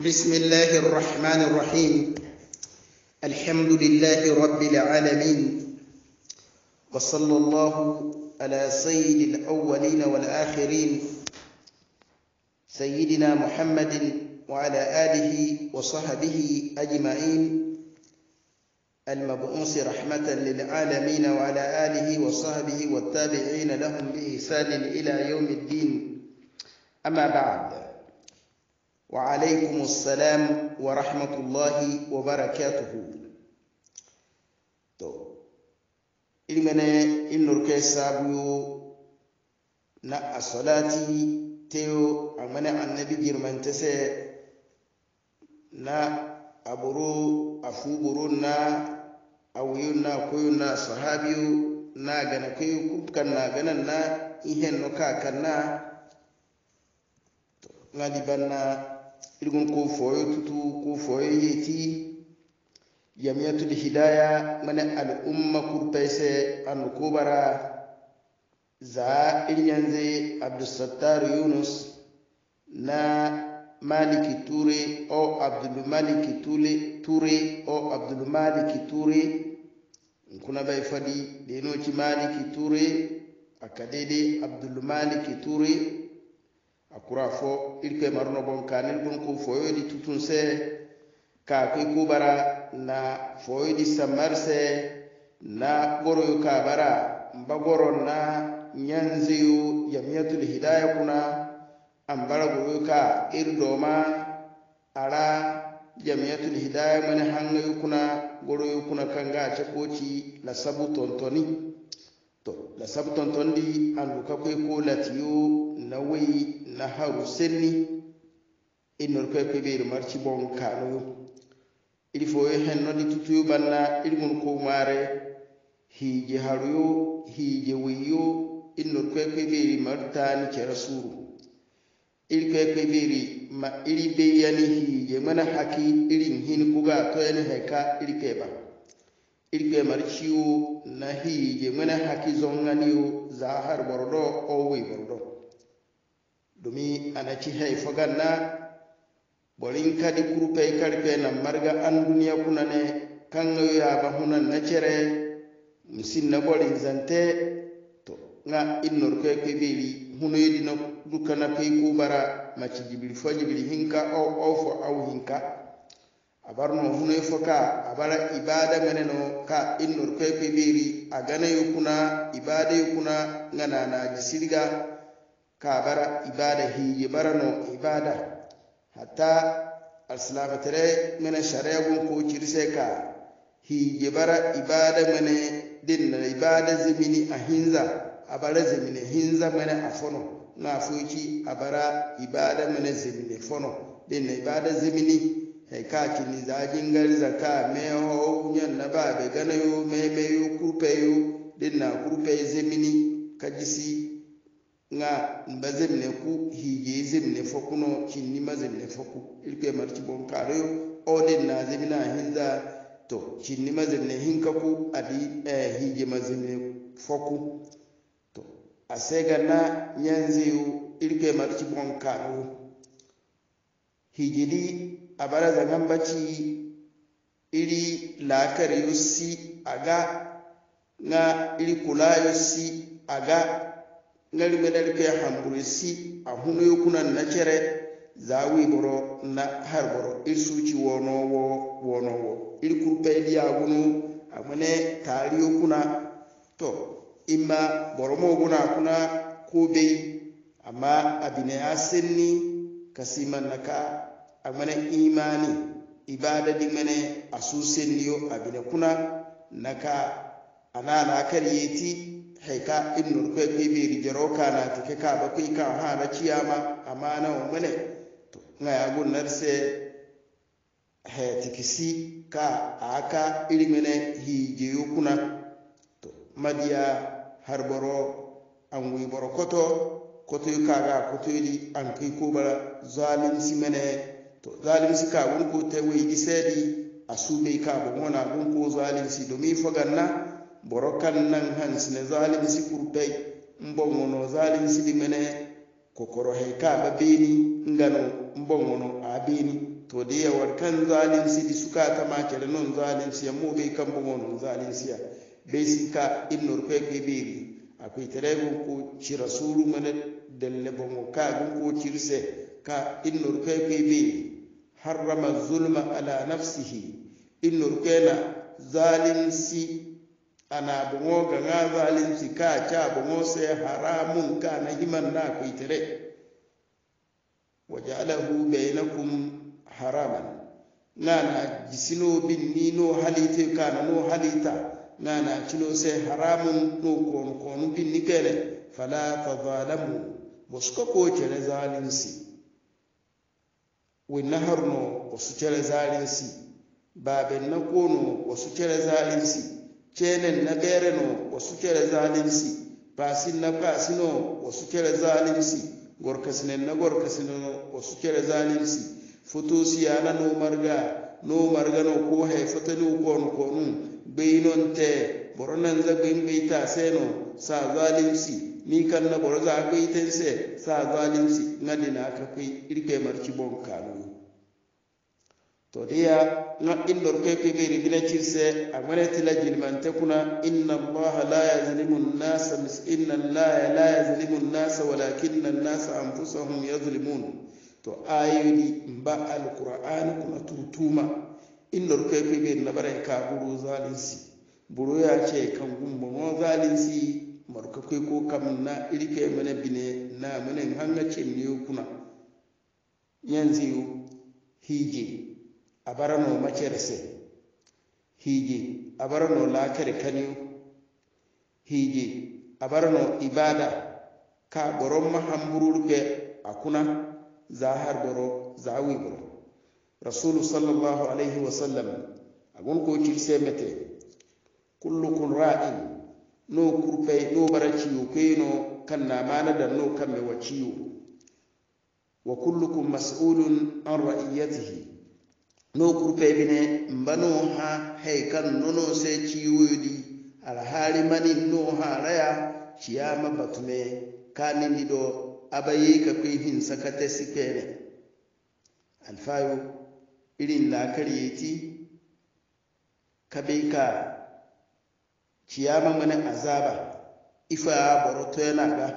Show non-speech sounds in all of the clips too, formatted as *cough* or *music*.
بسم الله الرحمن الرحيم الحمد لله رب العالمين وصلى الله على سيد الأولين والآخرين سيدنا محمد وعلى آله وصحبه أجمعين المبعوث رحمة للعالمين وعلى آله وصحبه والتابعين لهم بإحسان إلى يوم الدين أما بعد وعليكم السلام ورحمة الله وبركاته تو إلمنا إن الكيسابيو نا الصلاتي تيو أمنا النبي جرمان تسي نا أبرو أفوبرو نا أويو نا كويو نا صحابيو نا غنا كويو كبكا نا غنا نا إيهن نكاكا نا غالبا irgun ko foyo tutu ko foyo yeti da hidaya mana al'umma kurtaise an kubara za iryanze abdulsattar yunus na maliki ture o abdulmaliki ture o abdulmaliki ture kuna bai fadi da yanoci maliki ture aka daidai abdulmaliki ture akura fo irke marno bon kanen gon ko foyodi tutun se ka kai kubara na foyodi samar se na goro ka bara mba goro na nyanziyu yamiyatul hidaya kuna ambara goyo ka irdoma ara jamiyatul hidaya mani hangayu kuna goro kuna kanga a koci la sabu tontoni to la sabu tontoni an luka kai ko latiyo na wai na haru senni innor koye koye ɓeyɗo marci bon kanoyo iri foyo hen noon i tutuyo banna iri hiji kowmare hiije haruyo hiije weyo innor koye koye ɓeyri martani cera suru iri koye koye ɓeyri ma iri beyani hiji mana haki irin hin kuga toyani heka iri keɓa iri koye marciyo na hiji mana haki zongani yo za har boroɗo o wey domi anaci hay foganna borin kadi kurpey karpe na marga an duniya ne kanga yaba hunan na cere misinna borin zante to nga innorkoy koy ɓeeri hunoyidino na koy kubara maci jibiri fo jibiri hinka aw aw fo aw hinka abarno hunoy fo ka abara ibada meneno ka innorkoy koy ɓeeri aganayo kuna ibadayo kuna nga nanaji sirga kabara ibada hiye barano ibada hatta alsilamatere mene sharia gon ko cirise ka hiye bara ibada mene dinna ibada zemini a hinza abara zemine hinza mene a fono na foyci abara ibada mene zemine fono dinna ibada zemini e ka kini zajingal zaka meho nyanna babe gana yo meme yo kurpe yo dinna kurpe zemini kajisi nga mba zemine ku hije zemine foku no chinnima zemine foku ilikuye marci yo ode na zemina hinza to chinnima zemine ku adi eh, hije ma zemine foku to asega na nyanziyu ilikuye marci bonkaroyo hijidi abara zangan ili iri lakariyo si aga nga ili kulayo si aga ngari medal ke hamburisi a huno yokunan na cere zawi boro na har boro irsuci wonowo wonowo irkurpedi agunu amane tari yokuna to imma boromo guna kuna ko bei amma abine ya sinni kasiman naka amane imani ibada di mene asu sinniyo abine kuna naka ana na karyeti hay ka innor koye koye weeri jero kanaati ke kaaba koye ka haana ciyama amana o mene to ŋayagu narse he tikisi ka aka iri mene hiijeyo kuna to madiya harboro anguyi boro koto kotoyi kaga kotoyidi an kuyi kubara zalimsi mene to zalimsi kagunku te weyidi seedi a suubeyi kaabo ŋonagunku zalimsi domi fo ganna boro kaŋ naŋ hansine zalim si kurpey mboŋ ŋono zalim silimene kokoro hay ka ba beni ngano mboŋ ŋono a beni to da yawar kan zalim sidi suka kama kere non zalim siya mo bai kan bon non zalim siya bai sin ka ibn rufe ke beri akwai tare gun ko ci rasulu mana dalle bon ka gun ko cirse ka ibn rufe ke beri harrama zulma ala nafsihi ibn rufe na zalim si ana bungo ga nga zalinci ka ca bongo sai haramun ka na himan na kuitire wajalahu bainakum haraman nana na jisino bin ni no halite ka na no halita nana na cino sai haramun no kon kon bin ni kele fala fadalamu bosko ko si we naharno osu wasu zalin si babe na kono wasu zalin si cenen na gaireno wasu kere zalinsi fasin na fasino wasu kere zalinsi gorkasinen na gorkasino wasu kere zalimsi foto siyana no marga no marga no ko hay fotani konu konu beinon te boronan za bein beita seno sa zalinsi ni kan na boro za beiten se sa zalinsi ngani na ka kai irke marci bon kanu todiya nga illor ke kegeri bila cirse a ŋanetila jilimante kuna inna allah la yazlimu mis inna allah la yazlimu nasa walakinna nasa anfusahum yazlimun to ayodi mba alqur'an kuna tutuma illor ke na nabaren ka buru zalinsi buru ya ce kan gumbo no zalinsi marka kai ko kam na irike mana bine na mana hanga ce ne kuna yanzu hije abarano macere se hiiji abarano laakere kaniyu hiiji abarano ibada ka ɓoron ma hambururu a kuna za har ɓoro za wi ɓoro rasulu sallallahu alayhi wa a agon ko cirse mete Kullukun ra'in no kurpey no bara ciyo kweno kan mana da no kamme wa ciyo wa kullukum mas'ulun an ra'iyatihi no kurpe bine mbano ha haikan nono sai ciwoyodi alhari mani no haraya ama batume kani do abaye ka kwe hin sakata sikere alfayo irin la kariyeti kabe ka ama mani azaba ifa boroto yana ga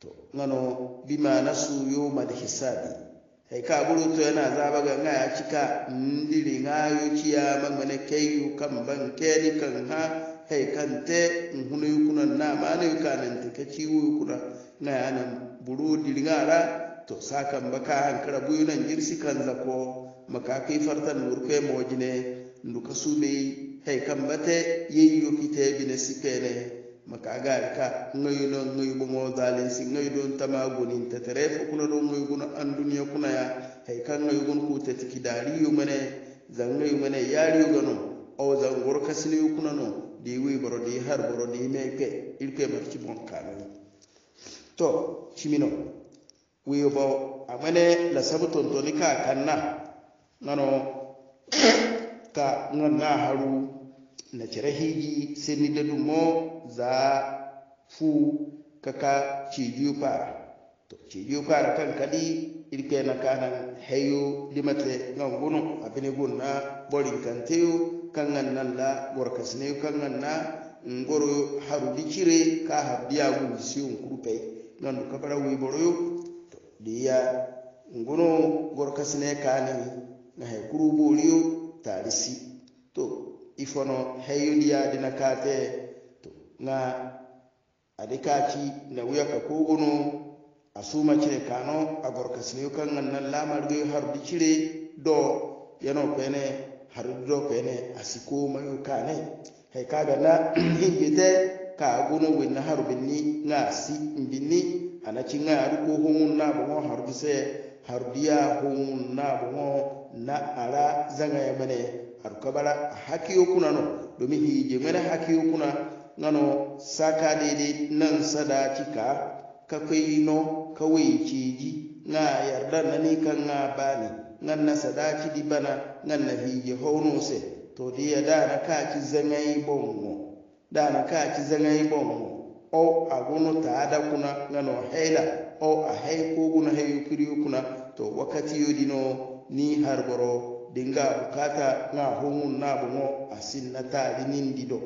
to ngano bima nasu yawmal hisabi ka buru to yana zaba ga nga ya cika ndiri nga yu ciya magmane keyu kan ban keni kan ha hey kan te nhunu yu kuna na ma na yu kanan te ka yu kuna nga ya buru diri nga ra to sa mbaka baka hankara buyu nan girsi kan zako maka kai fartan nurkwe mojine nduka su mai kan bate yeyu kite bine sikene makagari ka ngayu no ngayu bongo dalin si ngayu don tama gonin ta terefu kuna don ngayu guna an duniya kuna ya hay kan ngayu gun ku ta tiki dari yu mane zangayu mane yari yu gano o zangor kasini yu kuna no di wi boro di har boro di meke ilke ci bon kanu to chimino yo bo amane la sabu ni ka kanna nano *coughs* ka nganna haru na cire hiji ni da dumo za fu kaka ciju fara to ciju fara kan kadi irke na kanan hayo limate nan gunu abin gun na kan kanteyo kan nan nan la gorkas ne kan nan na ngoro haru dikire ka habbiya gun siun kurpe nan ka bara wi boroyo to dia ngunu gorkas ne kanin na hay kuru ta tarisi to ifono heyundiya dina kate na nga na wuya ka kogono a suma cire kano a gorkasiniyo kan nan nan har harudi cire do yano kwene har do kwene a si ko mayo kane ka kaga na *clears throat* hingite ka gono har binni na si mbinni anaci nga adu ko hun na bongo harudi se diya hun na bongo na ara zanga ya bane aɗa kabara hakkiyo no domin hije ŋene hakkiyo kuna ŋano saka dede nan sadaci ka ka no ka weyceji na yarda nani kan ŋa bani nan na ci di bana nan na hije hono se to na dana ci zaŋayi bongo da na ka ci zaŋayi bongo o ta da kuna ŋano haila o a hey koguna heyo kiriyo kuna to wakkatiyo dino ni harboro dinga bukata na hongun na bongo sin na tari nindi do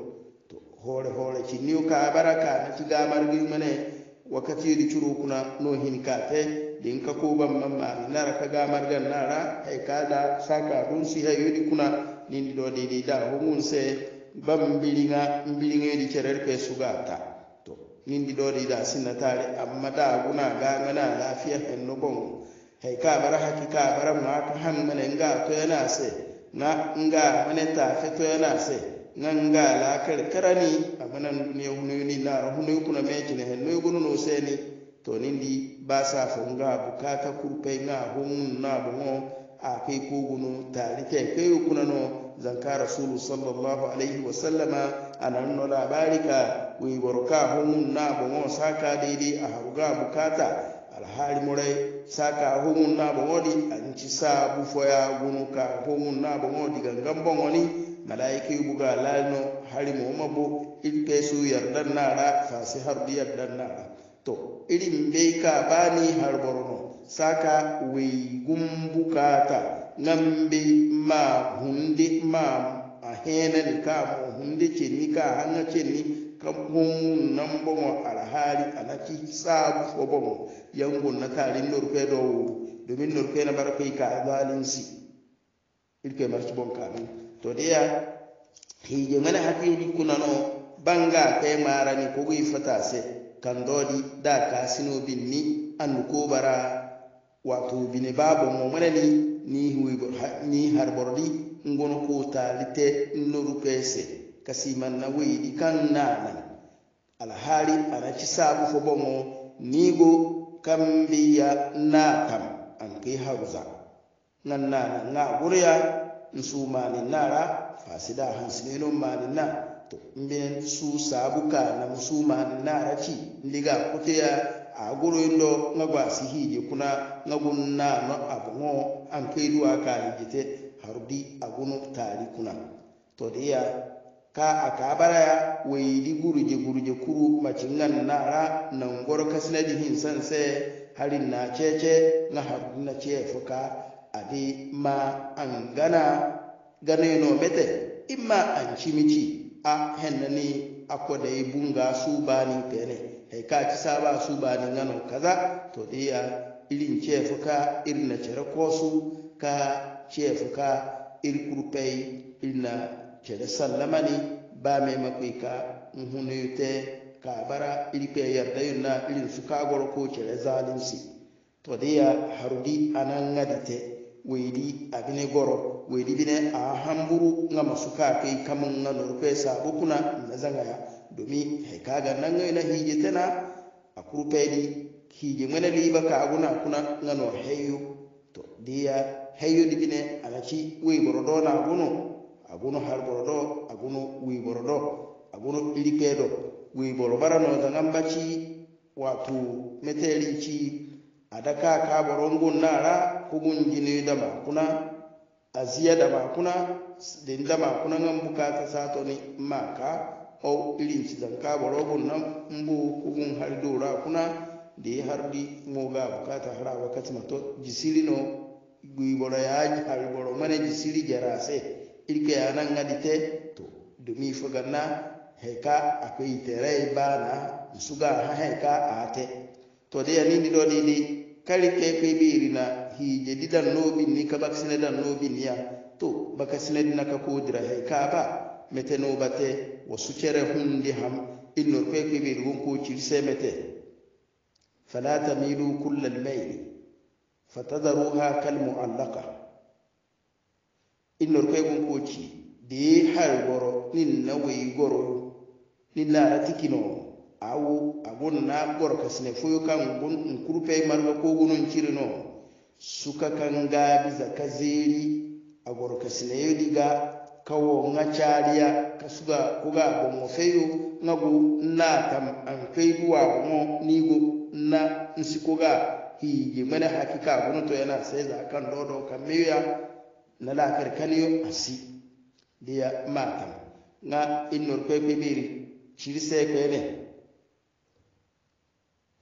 to hore hore ci niu ka baraka na ki gamar margi wakati di curu kuna no hin ka te din ko ban mamma na ra ka ga margan na ra ka da saka dun si hayo di kuna nindi do di da hongun se ban bilinga bilinga di cerer pe sugata to nindi dido di da sin na tari amma da guna ga ngana lafiya hen no bongo hay ka bara haki ka bara ma ka han mene nga to yana se na nga mene ta fe to yana se na nga la kar karani abanan duniya hunu ni na hunu kuna me kine hen no gunu no se ni to nindi ba sa fo nga bukata kurpe nga hun na bo a kai kogunu tare ke kai kuna no zanka rasulu sallallahu alaihi wa sallama anan no labari ka wi borka hun na ka saka daidai a haruga bukata alhaali moray saka homun naɓo oɗi anci saabu foya gunu ka homun naɓo o diga ngambongo ni malaika yuɓuga laalino hari moma bo il peesu yardan naɗa fasi hardu yardan naɗa to irin bei ka bani har borono saka wei gumbukata ngambe ma hunde ma a henani kamo hunde cenni ka hanga cenni kankun nan bomo alhali alaki sabu fo bomo yango na tarin norpe do domin norpe na bar kai ka zalinsi ilke marci bon kanu to dia hije ngana hakiri kuna no banga kai marani ko gui fata se kan dodi da ka kasino ni an ko bara wato bine babo mo manani ni huwi ni harbordi ngono ko talite noru pese kasiman na weyidi kan nanan alhaali ci sabu fo boŋo niigo kambiya na kam anki haruza nan nana ŋa gurya nsumani nara fasida ma mani na to mbinen su sabu ka nam sumani nara ci ndiga kutiya a guroyindo ŋa gwasi hiije kuna na gun nano aboŋo ankeyiduwa kani jite harudi agunu taari kuna to diya ka a wai di gurje gurje kuru na ra nan gor kasna dihin san se harin na cece na harin na ce fuka di ma an gana gane no mete imma an cimici a hennani yi bunga su bani tene hai ka ci saba su bani ngano kaza to ya irin ce fuka irin na cere kosu ka ce fuka irkurpei irin na sallama sallamani ba mai makwai ka hunute ka bara yarda yunna irin su kagor ko cere zalunci to diya harudi anan ngadite wedi abine goro wedi bine a hamburu nga masuka kai kamun nga norpe sa na zangaya domin haikaga nan na hiji tana a di hiji mana liba ka aguna kuna nga no heyo to diya heyo dibine alaci wey borodona aguno harboro ɗo aguno wiiboro ɗo aguno ilikeɗo wiiboro baranoza gambaci watu meterinci adaka ka boro ngun nara hugun jinidama kuna aziyadama kuna dindama kuna gam bukata satoni maka o irinci zan kaɓoro gun nan mbu hugun har dora kuna de hardi moga bukata hara wakkati ma to jisirino gwiɓoro ya harboro mane jisiri jarase irkeyanangadite to domi fogana heka akoyiterey e bana msuga ha heka ate to deyanini ɗo ɗiɗi kalike koy ɓeyrina hiije ɗi ɗannoɓinni ka bakasine ɗannoɓinniya to bakasine ɗina ka kodira heka ba mete nobate wasucere hunde ham innor koy koy ɓeyri won kocirse mete fala tamilu kulla almayli fatadaruha kalmuallaka inor kwegun kochi de har goro nin na wai goro nin lara tikino awo agon na goro kasne foyo kan gon in kurpe marga ko gonon cirino suka kan ga biza kaziri a goro kasne yodiga kawo nga chariya kasuga kuga bongo feyo ngagu na tam an duwa mo nigo na nsikoga hiji mana hakika gono to yana sai za kan dodo kan meya na lakar kaliyo asi dia martam nga innor koy ko biri ciri se ko ne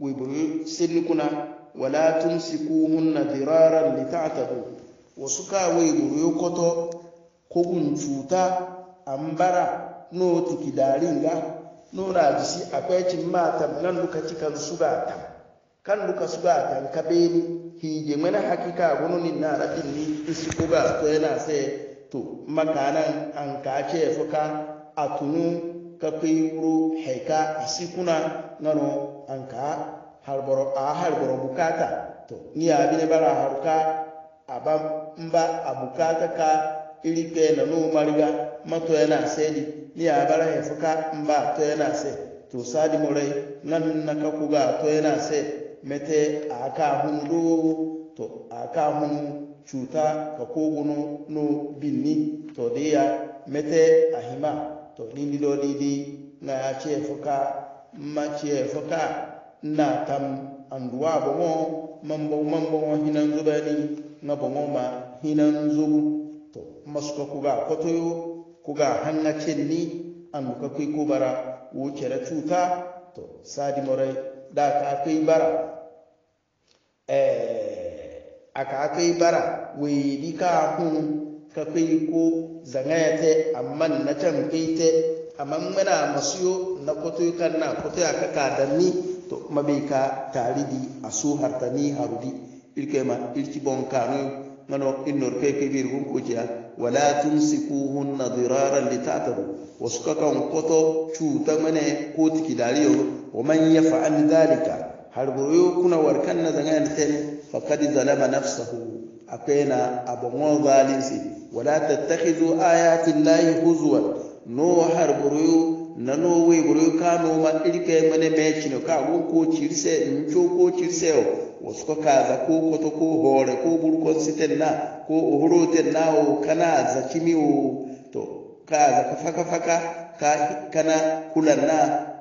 wi buru sinni kuna wala na diraran lita'tadu wasuka wi buru yokoto ko gun cuta ambara no tikidaringa no rajisi akwai cin matam nan luka cikan sugata kan luka sugata ka beni hije mana hakika wani ni na ratin ni isi ko na ko yana sai to makanan an ka ce fuka a tunu ka kai wuro haika isi kuna nano an ka a harboro bukata to ni ya bi ne bara harka aba mba abukata ka iri na no mariga mato yana sai ni ni ya bara he fuka mba to yana sai to sadi morai nan na ka kuga to mete aka hundu do to aka hunu cuta ka koguno no binni to deya mete hima to ni do didi na chefuka ma chefuka na tam anduwa bongo mambo mambo hinan zubani na bongo ma hinan zubu to masuka kuga kotoyo kuga hanga chenni an ka kai ko bara wuce cuta to sadi morai da ka kai bara Eh, a aka yi bara wai bi ka hun ka kai ko zangaya te amma na can kai te amma muna masiyo na kwato kan na kwato ya ka ni to kuma bai ka tari di a su ni harudi ilke ma ilki bon kanu mano innor kai kai bir ko kuciya wala tumsikuhun na diraran litatabu wasu kakan kwato cuta mene ko tiki dariyo wa man ya fa'al dalika hargoyo kuna warkan na zanga na tani faqad zalama nafsahu akaina abon zalinsi wala tattakhidhu ayati llahi huzwa no hargoyo na no we ka kano ma irke mane chino ka go ko chirse ncho ko chirse wasu ka kaza ko koto ko hore ko burkon siten na ko uhoroten na o kana za mi o to kaza ka faka faka ka kana kulanna na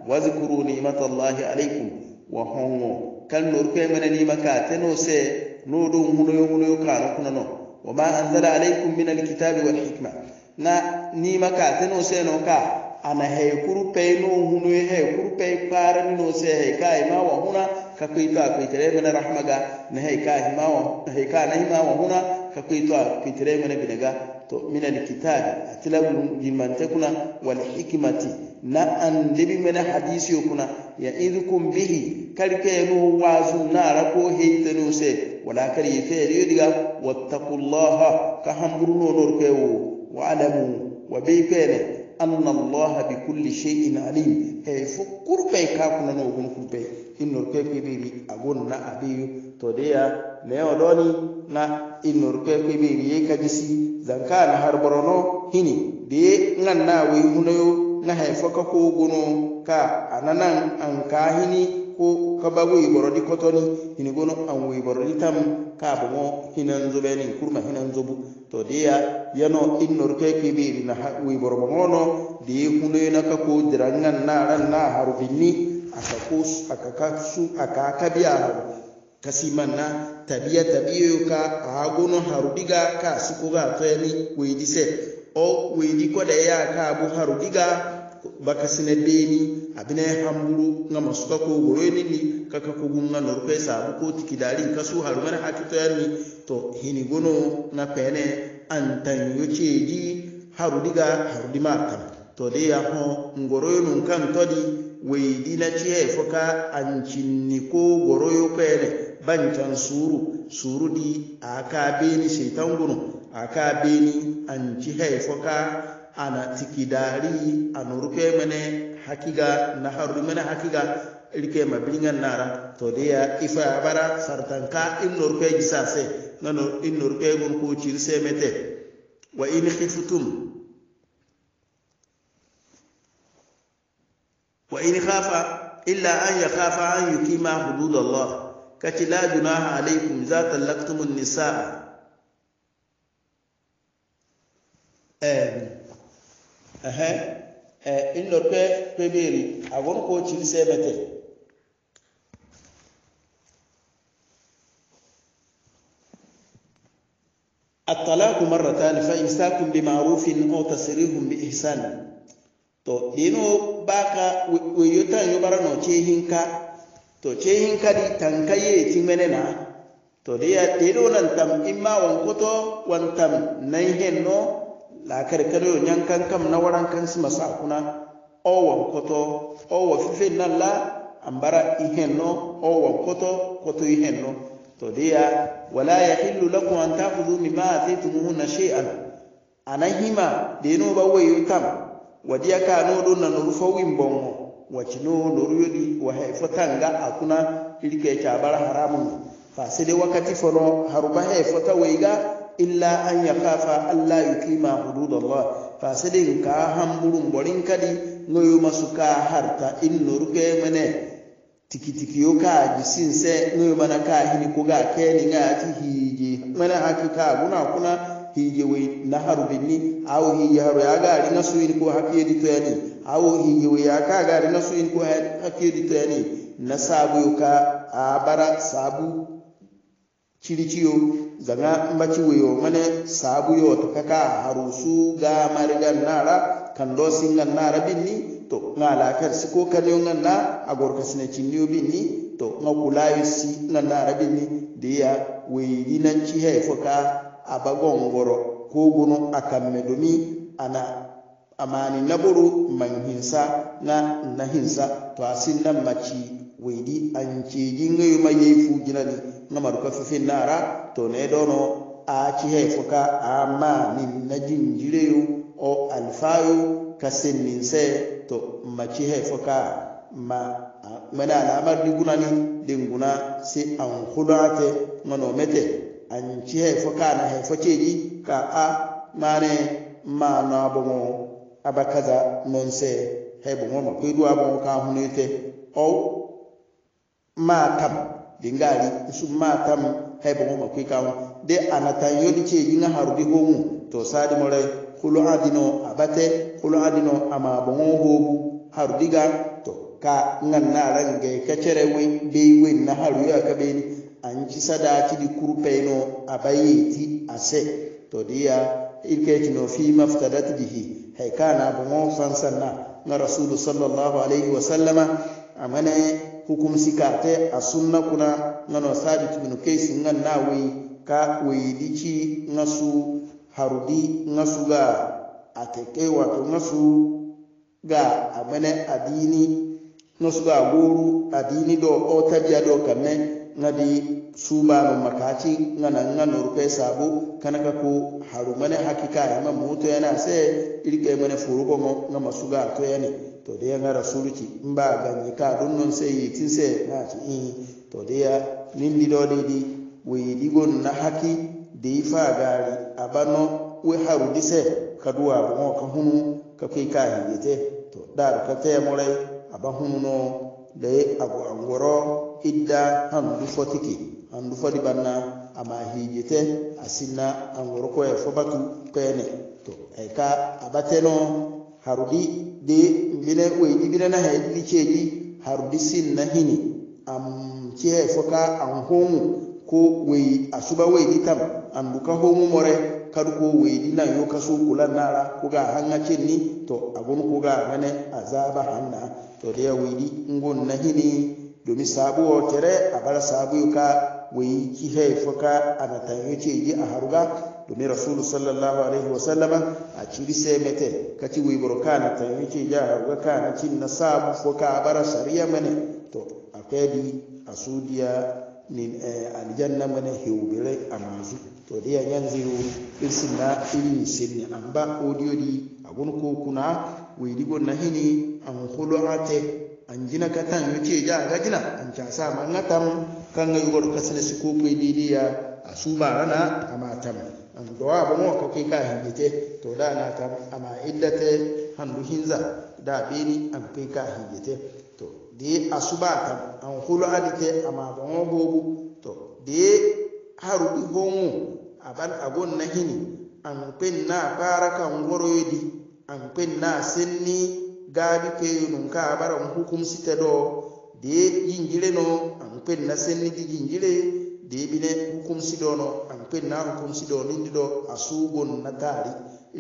wazkuru ni'matallahi alaikum wa hongo kal nor ko mena ni maka teno se no do huno yo huno yo kala kuna no wa ma anzala alaykum min alkitabi wal hikma na ni maka teno se no ka ana hay kuru pe no huno yo hay kuru pe kara ni no se hay kai ma wa huna ka kai ita akai tare mena rahmaga na hay kai ma wa hay ka na ma wa huna ka kai to akai tare mena bidaga to min a akila jimante kuna wal hikimati na an debi mena hadisi kuna ya idhukum bihi karke no wazu nara ko n'u se wala kar yefere diga wattaqullaha ka no nor wo. wa alamu wa be kene anna allaha bi kulli shay'in alim he fu kurbe ka kuna no gun kurbe innor ke kibiri na abiyu to deya ne odoni na innor ke kibiri ka jisi zanka na har borno hini de ngan na we hunayo na haifo ka ko gono ka ananan an ka hini ko ka bago iboro di kotoni hini gono an we iboro di tam ka mo hinan zo benin kurma hinan bu to de ya yano innor ke bi na we iboro bomono de hunayo na ka ko dirangan na ran na harfinni aka ko aka ka su aka ka biya kasimanna tabiya tabiyoyo ka agono harudiga ka sikoga toyani weydi se o weydi koɗaya ka bo harudiga bakasine beni abinay hamburu nga masuka ko goroyinini kaka kogun nga norkoy sabu ko tikidalin kasu harumana hakitoyanni to hini gono na pene antanyo ceji harudiga harudima kam to de ya ho ngoroyinun kan todi weydi na ciye foka ancinni ko goroyo pene. bancan suru suru di a ka beni shaitan gunu ka beni anci haifoka ana tikidari a anuruke mene hakiga na haru mene hakiga ilke mabingan nara to ya ifa bara sartanka inurke gisase nanu inurke gun ku cirse mete wa in khiftum wa in khafa illa an yakhafa an yuqima hududallah kace la junaha alaikum za talaqtumun nisaa eh eh eh in lo pe pe beri agon ko chiri se bete الطلاق مرتان فإمساك بمعروف أو تسريح بإحسان تو دينو باكا ويوتا يبرا نوتي to hin kadi tankaye timenena to deya deɗo nan tam imma wankoto wan tam nan hen no yo kanoyo kan kam na waran kan sima sakuna o koto o wa fife nan la ambara i hen no o wankoto koto i hen no to deya wala yahillu lakum an tahudu mima atitumuhunna shay'an ana hima denoɓa wayo tam wadiya kano ɗo nan fo bongo. wacino loruyodi wahefo tanga akuna ilike cabara haramu fasede wakati fono haruba hefota weiga illa an yakafa alla yukima hududallah fasede nka hamburu mborin kadi ngoyuma suka harta in noruke mene tikitikiyo ka jisinse ngoyuma mana ka hini kuga keni nga ti hiji mene hakika guna akuna hiji wei na harubinni au hije haru yaga alina suwini ko hakiyedi toyani awo higewe ya ka gari na su in ke hake ne na sabu ka a bara sabu ciriciyo zanga mbaci weyo mane sabu yo ta kaka harusu ga marigan nara kan do singan nara binni to ngala kar siko kan yo nganna agor kasne cinniyo binni to yi si ngan nara binni ya weyi nan ci he foka goro ko gunu akamme domi ana amani naburu man hinsa na na hinsa to a sinna maci weidi anceji ngayu ma yei fu jinani nga maru ka fifinnara to ne dono a cihe foka a mani na jinjireyu o alfayu ka sinninse to ma cihe foka ma mana lamar di gunani din guna si an hudate nga no mete an cihe foka na hefaceji ka a mane ma nabomo abakaza nonse hebo ngoma kwidu abo ka hunete au matam dingali su matam hebo ngoma kwika de anatan yodi ce jinga harudi homu to sadi morai kulu adino abate kulu adino ama bongo hobu harudiga to ka nganna range kacere we be we na haru ya kabeni an ci sadaci di kurpeno abayeti ase to diya ilkeci no fi maftadat bihi haikana bongo fansanna na rasulu sallallahu alaihi wa sallama mana hukum sikarte a sunna kuna ngano sabit bin kais na nawi ka wai na su harudi su ga ateke wato na su ga a amane adini su ga goro adini do o tabiya do kanne ngadi sumanu makaci ngana nga norpe sabu kanaka ku harumane hakika yama muto yana se irike mane furugo mo nga masuga to yani to de nga rasuluci mba ganyi ka don non se yitin se na ci in to de ya nin dido de di we digon na haki de ifa gari abano we haru dise kaduwa mo ka hunu ka kai ka hiyete to dar ka te morai aba hunu no de abu angoro idda handu fotiki handu di banna ama hijete asinna an workoye fobatu kene to ay ka abateno harudi de mbine na birana haydi ceeji harudi sinna hini am cehe foka an homu ko wey a suba weydi tam andu ka homu more kadu ko weydi nan yo kaso kula nara koga hanga cenni to agon koga hane azaba hanna to deya weydi ngon na hini domin sabuwa tere a bar sabu ka wai ki haifo ka a natan yake yi a haruga domin rasulu sallallahu alaihi wa sallama a ciri sai mete ka ci wai buru ka natan yake yi a haruga ka na cin na sabu fo ka a bar shari'a mane to a kwedi a sudiya ni eh, aljanna mane hewbere a mazu to dai yan zai irsin na irin sinni an ba audio di a gun ko kuna digon na hini an hulu ate anjina katan yuce ja gina an ca sa ma ngatam kan ga yugor kasne su ko pe didiya a su ba rana amatam an dowa ba mo ko kai ka hingete to da na tam ama illate handu hinza da beni an kai ka hingete to de asuba tam an hulu adite ama ba mo bobu to de haru bi homu aban agon na hini an pen na para kan yadi an pen na senni gaabi peyunum ka bara n hukum site ɗo de yinjire no an penna sennidi de bine hukum no an penna hukum sido nindi ɗo a sugon na taari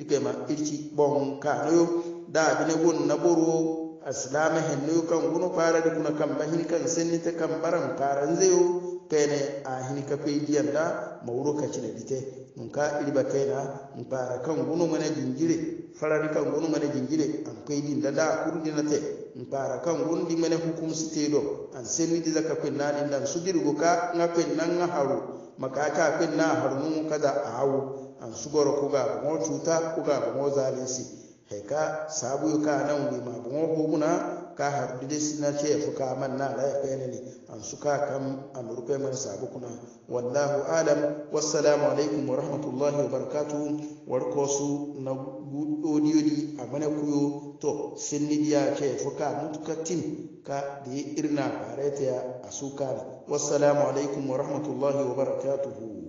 ka no yo da bine gon na boro asilama hennoyo kan guno de kuna kan hin kan sennite kan baran paranzeyo kaina a hinka pediyan da mauro ka cina bite in ka irba kaina in fara kan gunu mana jingire farar kan gunu mana jingire an kai din da da kurdi na te in fara kan gunu din mana hukum do an sai ni zaka ka na din dan su dirgo ka na kun nan na haru maka ka kun na mun kada a hawo an su goro ku ga mo cuta ku ga mo he ka sabu ka nan ne ma mo hobuna ka harɗude sinace e fuka man naala e ɓeenani an suka kam andurukoye man saabu kuna wallahu alam wassalamu alaikum wa rahmatullahi wa barakatuhu war koosu na ɗoɗiyoɗi a mana kuyo to senniɗiya ce e foka mutuka tin ka de irna pareteya a suka wassalamu alaikum wa rahmatullahi wa barakatuhu